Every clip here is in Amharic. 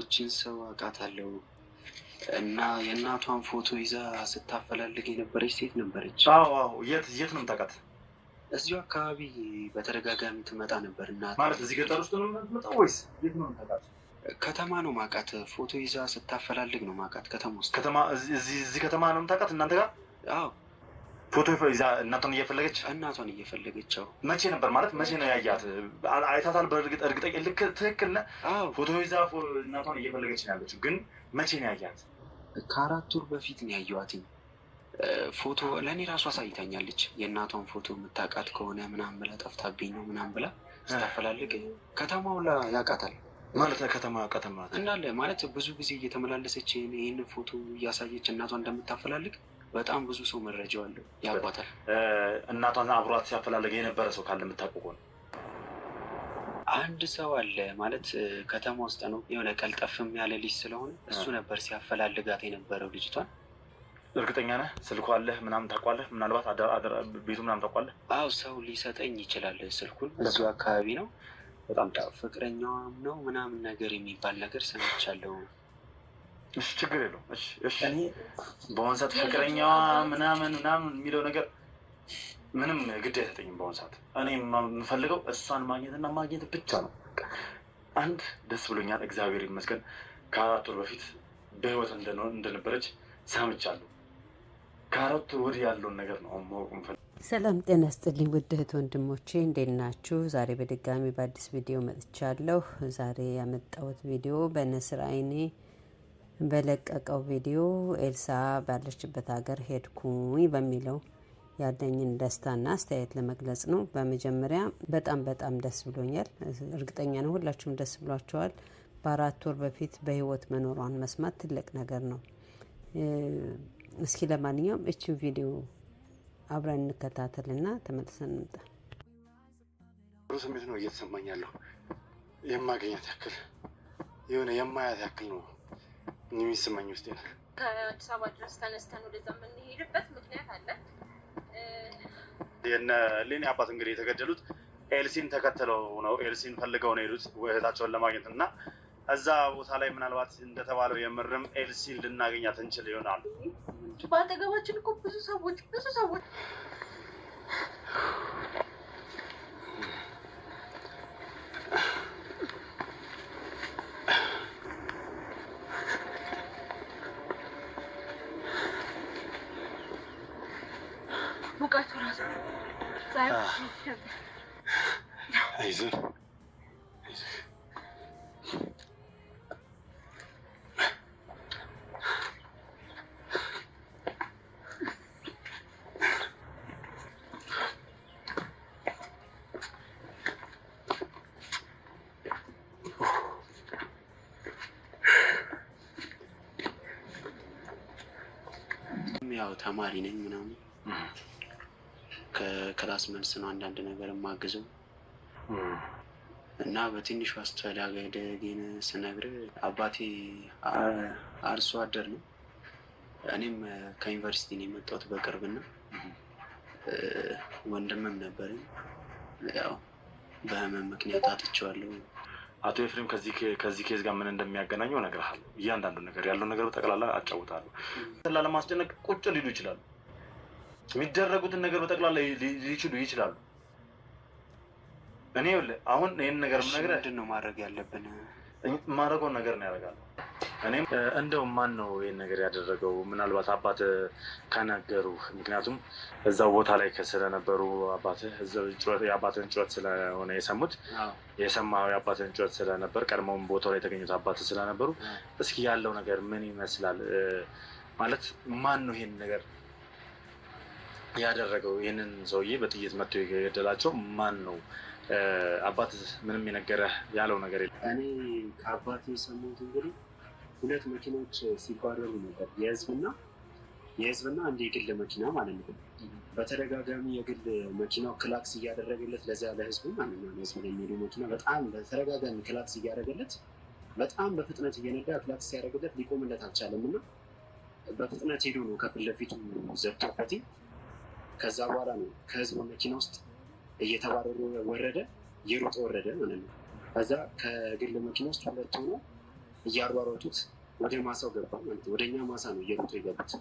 እችን ሰው አውቃታለሁ እና የእናቷን ፎቶ ይዛ ስታፈላልግ የነበረች ሴት ነበረች። አዎ፣ የት የት ነው የምታውቃት? እዚሁ አካባቢ በተደጋጋሚ ትመጣ ነበር። እና ማለት እዚህ ገጠር ውስጥ ነው የምትመጣው ወይስ የት ነው የምታውቃት? ከተማ ነው ማውቃት። ፎቶ ይዛ ስታፈላልግ ነው ማውቃት። ከተማ ውስጥ ከተማ፣ እዚህ ከተማ ነው የምታውቃት እናንተ ጋር? አዎ ፎቶ ይዛ እናቷን እየፈለገች እናቷን እየፈለገችው መቼ ነበር ማለት መቼ ነው ያያት? አይታታል። በእርግጥ እርግጠኛ ልክ ትክክል ነህ። ፎቶ ይዛ እናቷን እየፈለገች ነው ያለችው። ግን መቼ ነው ያያት? ከአራት ወር በፊት ነው ያየዋት። ፎቶ ለእኔ ራሱ አሳይታኛለች። የእናቷን ፎቶ የምታውቃት ከሆነ ምናምን ብላ ጠፍታብኝ ነው ምናምን ብላ ስታፈላልግ ከተማው ላ ያውቃታል ማለት ከተማ ከተማ እንዳለ ማለት ብዙ ጊዜ እየተመላለሰች ይህን ፎቶ እያሳየች እናቷ እንደምታፈላልግ በጣም ብዙ ሰው መረጃው አለው ያውቋታል። እናቷን አብሯት ሲያፈላለገ የነበረ ሰው ካለ የምታውቀው ነው። አንድ ሰው አለ ማለት ከተማ ውስጥ ነው። የሆነ ቀልጠፍም ያለ ልጅ ስለሆነ እሱ ነበር ሲያፈላልጋት የነበረው ልጅቷን። እርግጠኛ ነህ? ስልኩ አለ ምናምን ታውቋለህ? ምናልባት ቤቱ ምናምን ታውቋለህ? አዎ ሰው ሊሰጠኝ ይችላል ስልኩን። እዚሁ አካባቢ ነው። በጣም ፍቅረኛዋም ነው ምናምን ነገር የሚባል ነገር ሰምቻለሁ። እሺ ችግር የለውም። እሺ እኔ በአሁን ሰዓት ፍቅረኛዋ ምናምን ምናምን የሚለው ነገር ምንም ግድ አይሰጠኝም። በአሁን ሰዓት እኔ የምፈልገው እሷን ማግኘትና ማግኘት ብቻ ነው። አንድ ደስ ብሎኛል፣ እግዚአብሔር ይመስገን። ከአራት ወር በፊት በህይወት እንደነበረች ሰምቻለሁ። ከአራት ወር ወዲህ ያለውን ነገር ነው ማወቅ ሰላም ጤና ስጥልኝ ውድ እህት ወንድሞቼ እንዴት ናችሁ? ዛሬ በድጋሚ በአዲስ ቪዲዮ መጥቻለሁ። ዛሬ ያመጣሁት ቪዲዮ በነስር አይኔ በለቀቀው ቪዲዮ ኤልሳ ባለችበት ሀገር ሄድኩኝ በሚለው ያለኝን ደስታና አስተያየት ለመግለጽ ነው። በመጀመሪያ በጣም በጣም ደስ ብሎኛል። እርግጠኛ ነው ሁላችሁም ደስ ብሏቸዋል። በአራት ወር በፊት በህይወት መኖሯን መስማት ትልቅ ነገር ነው። እስኪ ለማንኛውም እችን ቪዲዮ አብረን እንከታተልና ተመልሰን እንምጣ። ጥሩ ስሜት ነው እየተሰማኝ ያለው የማገኛት ያክል የሆነ የማያት ያክል ነው የሚሰማኝ ውስጥ ከአዲስ አበባ ድረስ ተነስተን ወደዛ የምንሄድበት ምክንያት አለ። የነ አባት እንግዲህ የተገደሉት ኤልሲን ተከትለው ነው። ኤልሲን ፈልገው ነው የሄዱት እህታቸውን ለማግኘት እና እዛ ቦታ ላይ ምናልባት እንደተባለው የምርም ኤልሲን ልናገኛት እንችል ይሆናል። በአጠገባችን እኮ ብዙ ሰዎች ብዙ ሰዎች 哎，医生，医生，我，没有他妈的那股子。ከክላስ መልስ ነው አንዳንድ ነገር የማግዘው እና በትንሹ አስተዳደጌን ስነግር አባቴ አርሶ አደር ነው። እኔም ከዩኒቨርሲቲ ነው የመጣሁት በቅርብና ወንድምም ነበረኝ ያው በህመም ምክንያት አጥቼዋለሁ። አቶ ኤፍሬም ከዚህ ኬዝ ጋር ምን እንደሚያገናኘው እነግርሃለሁ። እያንዳንዱ ነገር ያለው ነገር በጠቅላላ አጫውታለሁ። ለማስጨነቅ ቁጭ ሊሉ ይችላሉ የሚደረጉትን ነገር በጠቅላላ ሊችሉ ይችላሉ። እኔ አሁን ይህን ነገር ምነግርህ ምንድን ነው ማድረግ ያለብን ማድረገውን ነገር ነው ያደርጋለሁ። እኔም እንደውም ማን ነው ይህን ነገር ያደረገው? ምናልባት አባት ከነገሩ፣ ምክንያቱም እዛው ቦታ ላይ ስለነበሩ የአባትን ጩኸት ስለሆነ የሰሙት የሰማው የአባትን ጩኸት ስለነበር ቀድሞውም ቦታው ላይ የተገኙት አባት ስለነበሩ እስኪ ያለው ነገር ምን ይመስላል ማለት ማን ነው ይሄን ነገር ያደረገው ይህንን ሰውዬ በጥይት መጥቶ የገደላቸው ማን ነው? አባት ምንም የነገረ ያለው ነገር የለም። እኔ ከአባት የሰማሁት እንግዲህ ሁለት መኪኖች ሲባረሩ ነበር፣ የህዝብና የህዝብና አንድ የግል መኪና ማለት ነው። በተደጋጋሚ የግል መኪናው ክላክስ እያደረገለት ለዚያ ለህዝቡ ማለት ህዝብ መኪና በጣም በተደጋጋሚ ክላክስ እያደረገለት በጣም በፍጥነት እየነዳ ክላክስ ሲያደረግለት ሊቆምለት አልቻለም እና በፍጥነት ሄዶ ነው ከፊት ለፊቱ ዘግቶበት ከዛ በኋላ ነው ከህዝብ መኪና ውስጥ እየተባረሩ ወረደ፣ የሩጥ ወረደ ማለት ነው። ከዛ ከግል መኪና ውስጥ ሁለት ሆኖ እያሯሯጡት ወደ ማሳው ገባ ማለት ነው። ወደኛ ማሳ ነው እየሮጡ የገቡት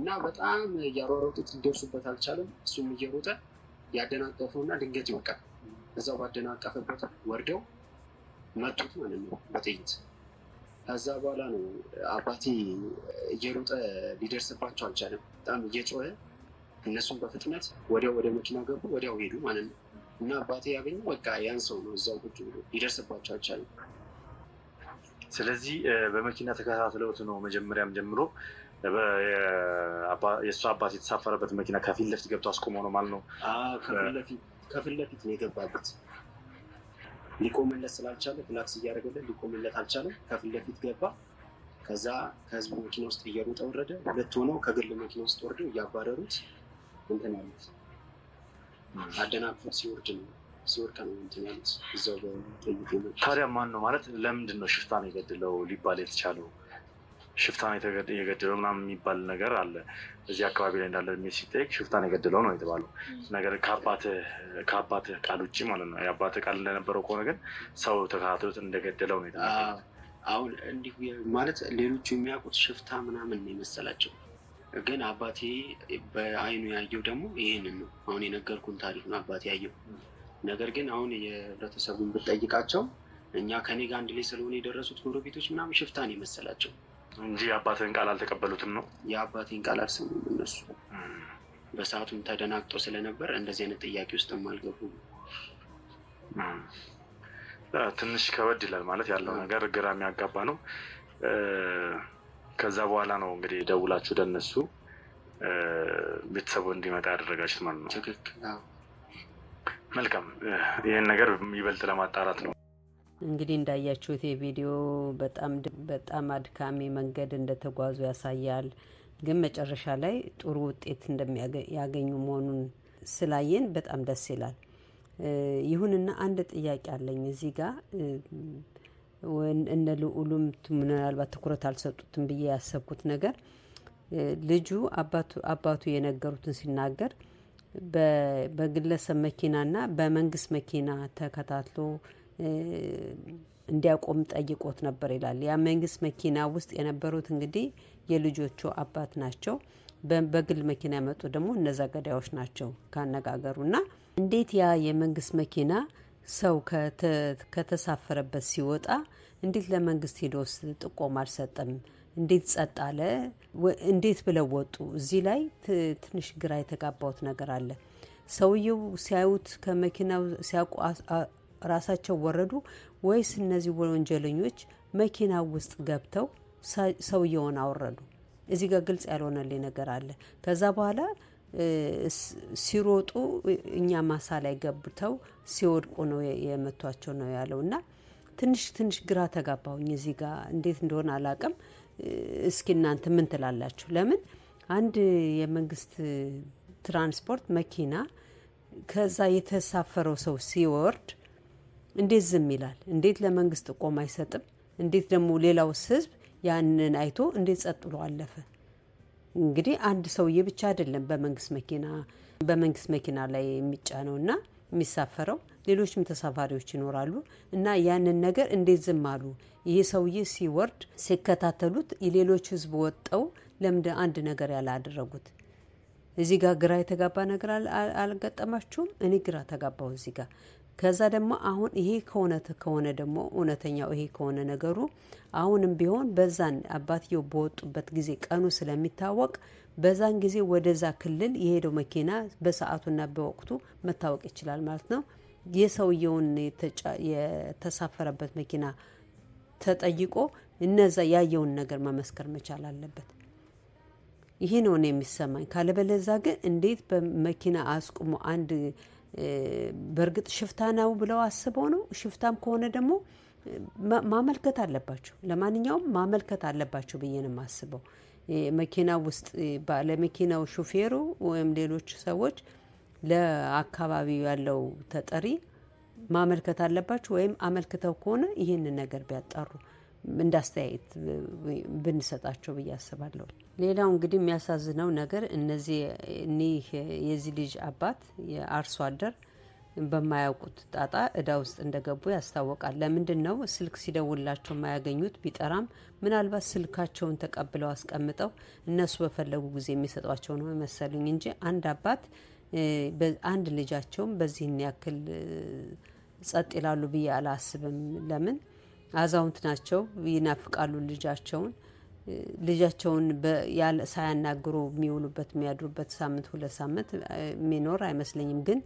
እና በጣም እያሯሯጡት ሊደርሱበት አልቻለም። እሱም እየሮጠ ያደናቀፈው እና ድንገት ይወቃል። እዛው ባደናቀፈበት ወርደው መጡት ማለት ነው በጥይት። ከዛ በኋላ ነው አባቴ እየሮጠ ሊደርስባቸው አልቻለም። በጣም እየጮኸ እነሱም በፍጥነት ወዲያው ወደ መኪና ገቡ፣ ወዲያው ሄዱ ማለት ነው። እና አባቴ ያገኙ በቃ ያን ሰው ነው እዛው ቁጭ ብሎ ሊደርስባቸው አልቻለም። ስለዚህ በመኪና ተከታትለውት ነው መጀመሪያም ጀምሮ የእሱ አባት የተሳፈረበት መኪና ከፊት ለፊት ገብቶ አስቆሞ ነው ማለት ነው። ከፊት ለፊት ነው የገባበት። ሊቆምለት ስላልቻለ ፍላክስ እያደረገለት ሊቆምለት አልቻለም። ከፊት ለፊት ገባ። ከዛ ከህዝቡ መኪና ውስጥ እየሮጠ ወረደ። ሁለት ሆነው ከግል መኪና ውስጥ ወርደው እያባረሩት እንትን ያሉት አደናቅፎት ሲወርድ ነው ሲወድቅ ነው እንትን ያሉት እዛው ታዲያ ማን ነው ማለት ለምንድን ነው ሽፍታ የገድለው ሊባል የተቻለው ሽፍታን የገደለው የገድለው ምናምን የሚባል ነገር አለ እዚህ አካባቢ ላይ እንዳለ የሚል ሲጠየቅ ሽፍታ ነው ነው የተባለው ነገር ከአባትህ ቃል ውጭ ማለት ነው የአባትህ ቃል እንደነበረው ከሆነ ግን ሰው ተከታትሎት እንደገደለው ነው የተናገሩት አሁን እንዲሁ ማለት ሌሎቹ የሚያውቁት ሽፍታ ምናምን ነው የመሰላቸው ግን አባቴ በአይኑ ያየው ደግሞ ይህንን ነው። አሁን የነገርኩን ታሪክ ነው አባቴ ያየው። ነገር ግን አሁን የህብረተሰቡን ብጠይቃቸው እኛ ከኔ ጋር አንድ ላይ ስለሆነ የደረሱት ጎረቤቶች ምናምን ሽፍታን የመሰላቸው እንጂ የአባቴን ቃል አልተቀበሉትም ነው። የአባቴን ቃል አልሰሙም እነሱ። በሰዓቱም ተደናግጦ ስለነበር እንደዚህ አይነት ጥያቄ ውስጥም አልገቡም። ትንሽ ከበድ ይላል ማለት ያለው ነገር ግራ የሚያጋባ ነው። ከዛ በኋላ ነው እንግዲህ ደውላችሁ ደነሱ ቤተሰቡ እንዲመጣ ያደረጋችሁት ማለት ነው። ትክክል። መልካም። ይህን ነገር ይበልጥ ለማጣራት ነው እንግዲህ እንዳያችሁት የቪዲዮ በጣም በጣም አድካሚ መንገድ እንደተጓዙ ያሳያል። ግን መጨረሻ ላይ ጥሩ ውጤት እንደሚያገኙ መሆኑን ስላየን በጣም ደስ ይላል። ይሁንና አንድ ጥያቄ አለኝ እዚህ ጋር እነ ልዑሉም ምናልባት ትኩረት አልሰጡትም ብዬ ያሰብኩት ነገር ልጁ አባቱ የነገሩትን ሲናገር በግለሰብ መኪናና በመንግስት መኪና ተከታትሎ እንዲያቆም ጠይቆት ነበር ይላል። ያ መንግስት መኪና ውስጥ የነበሩት እንግዲህ የልጆቹ አባት ናቸው። በግል መኪና የመጡ ደግሞ እነዛ ገዳዮች ናቸው። ካነጋገሩና እንዴት ያ የመንግስት መኪና ሰው ከተሳፈረበት ሲወጣ እንዴት ለመንግስት ሄዶስ ጥቆማ አልሰጠም? እንዴት ጸጥ አለ? እንዴት ብለው ወጡ? እዚህ ላይ ትንሽ ግራ የተጋባውት ነገር አለ። ሰውየው ሲያዩት ከመኪናው ሲያውቁ ራሳቸው ወረዱ ወይስ እነዚህ ወንጀለኞች መኪና ውስጥ ገብተው ሰውየውን አወረዱ? እዚህ ጋር ግልጽ ያልሆነልኝ ነገር አለ። ከዛ በኋላ ሲሮጡ እኛ ማሳ ላይ ገብተው ሲወድቁ ነው የመቷቸው ነው ያለው። እና ትንሽ ትንሽ ግራ ተጋባሁኝ እዚህ ጋር እንዴት እንደሆነ አላቅም። እስኪ እናንተ ምን ትላላችሁ? ለምን አንድ የመንግስት ትራንስፖርት መኪና ከዛ የተሳፈረው ሰው ሲወርድ እንዴት ዝም ይላል? እንዴት ለመንግስት ጥቆማ አይሰጥም? እንዴት ደግሞ ሌላውስ ህዝብ ያንን አይቶ እንዴት ጸጥሎ አለፈ? እንግዲህ አንድ ሰውዬ ብቻ አይደለም በመንግስት መኪና በመንግስት መኪና ላይ የሚጫነው እና የሚሳፈረው ሌሎችም ተሳፋሪዎች ይኖራሉ እና ያንን ነገር እንዴት ዝም አሉ? ይሄ ሰውዬ ሲወርድ ሲከታተሉት የሌሎች ህዝብ ወጠው ለምደ አንድ ነገር ያላደረጉት እዚህ ጋር ግራ የተጋባ ነገር አልገጠማችሁም? እኔ ግራ ተጋባው እዚህ ጋር ከዛ ደግሞ አሁን ይሄ ከሆነ ከሆነ ደግሞ እውነተኛው ይሄ ከሆነ ነገሩ አሁንም ቢሆን በዛን አባትየው በወጡበት ጊዜ ቀኑ ስለሚታወቅ በዛን ጊዜ ወደዛ ክልል የሄደው መኪና በሰዓቱና በወቅቱ መታወቅ ይችላል ማለት ነው። የሰውየውን የተሳፈረበት መኪና ተጠይቆ እነዛ ያየውን ነገር መመስከር መቻል አለበት። ይሄ ነው እኔ የሚሰማኝ። ካለበለዛ ግን እንዴት በመኪና አስቁሞ አንድ በእርግጥ ሽፍታ ነው ብለው አስበው ነው። ሽፍታም ከሆነ ደግሞ ማመልከት አለባቸው። ለማንኛውም ማመልከት አለባቸው ብዬ ነው የማስበው። መኪና ውስጥ ባለመኪናው ሹፌሩ ወይም ሌሎች ሰዎች ለአካባቢው ያለው ተጠሪ ማመልከት አለባቸው። ወይም አመልክተው ከሆነ ይህንን ነገር ቢያጣሩ እንዳስተያየት ብንሰጣቸው ብዬ አስባለሁ። ሌላው እንግዲህ የሚያሳዝነው ነገር እነዚህ እኒህ የዚህ ልጅ አባት የአርሶ አደር በማያውቁት ጣጣ እዳ ውስጥ እንደገቡ ያስታወቃል። ለምንድን ነው ስልክ ሲደውላቸው የማያገኙት? ቢጠራም ምናልባት ስልካቸውን ተቀብለው አስቀምጠው እነሱ በፈለጉ ጊዜ የሚሰጧቸው ነው መሰሉኝ እንጂ አንድ አባት አንድ ልጃቸውን በዚህን ያክል ጸጥ ይላሉ ብዬ አላስብም። ለምን አዛውንት ናቸው፣ ይናፍቃሉ ልጃቸውን ልጃቸውን ሳያናግሩ የሚውሉበት የሚያድሩበት ሳምንት ሁለት ሳምንት የሚኖር አይመስለኝም። ግን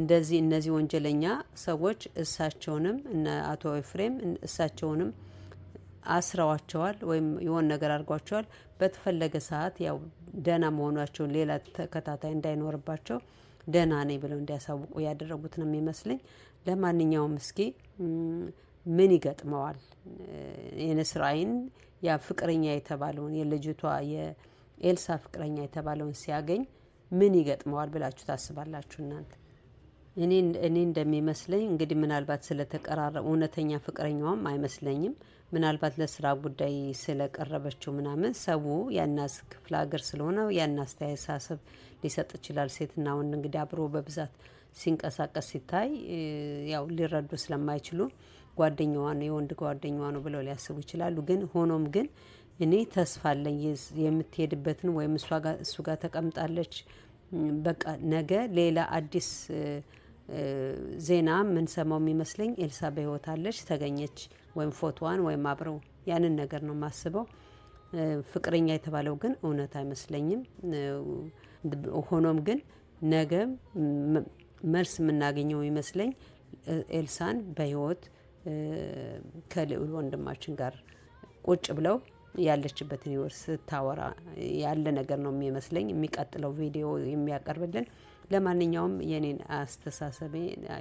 እንደዚህ እነዚህ ወንጀለኛ ሰዎች እሳቸውንም እነ አቶ ኤፍሬም እሳቸውንም አስረዋቸዋል ወይም የሆን ነገር አድርጓቸዋል። በተፈለገ ሰዓት ያው ደህና መሆናቸውን ሌላ ተከታታይ እንዳይኖርባቸው ደህና ነኝ ብለው እንዲያሳውቁ ያደረጉት ነው የሚመስለኝ። ለማንኛውም እስኪ ምን ይገጥመዋል? የንስራይን ያ ፍቅረኛ የተባለውን የልጅቷ የኤልሳ ፍቅረኛ የተባለውን ሲያገኝ ምን ይገጥመዋል ብላችሁ ታስባላችሁ እናንተ? እኔ እንደሚመስለኝ እንግዲህ ምናልባት ስለተቀራረቡ እውነተኛ ፍቅረኛውም አይመስለኝም። ምናልባት ለስራ ጉዳይ ስለቀረበችው ምናምን ሰው ያናስ ክፍለ ሀገር ስለሆነ ያናስ ተያሳሰብ ሊሰጥ ይችላል። ሴትና ወንድ እንግዲህ አብሮ በብዛት ሲንቀሳቀስ ሲታይ ያው ሊረዱ ስለማይችሉ ጓደኛዋ ነው የወንድ ጓደኛዋ ነው ብለው ሊያስቡ ይችላሉ። ግን ሆኖም ግን እኔ ተስፋ አለኝ የምትሄድበትን ወይም እሱ ጋር ተቀምጣለች በቃ ነገ ሌላ አዲስ ዜና የምንሰማው የሚመስለኝ ኤልሳ በህይወት አለች ተገኘች፣ ወይም ፎቶዋን ወይም አብረው ያንን ነገር ነው የማስበው። ፍቅረኛ የተባለው ግን እውነት አይመስለኝም። ሆኖም ግን ነገ መልስ የምናገኘው ይመስለኝ ኤልሳን በህይወት ከልዑል ወንድማችን ጋር ቁጭ ብለው ያለችበትን ህይወት ስታወራ ያለ ነገር ነው የሚመስለኝ የሚቀጥለው ቪዲዮ የሚያቀርብልን። ለማንኛውም የኔን አስተሳሰቤ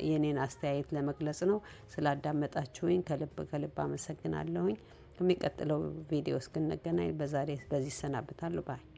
የኔን አስተያየት ለመግለጽ ነው። ስላዳመጣችሁኝ ከልብ ከልብ አመሰግናለሁኝ። የሚቀጥለው ቪዲዮ እስክንገናኝ በዛሬ በዚህ ይሰናብታሉ ባይ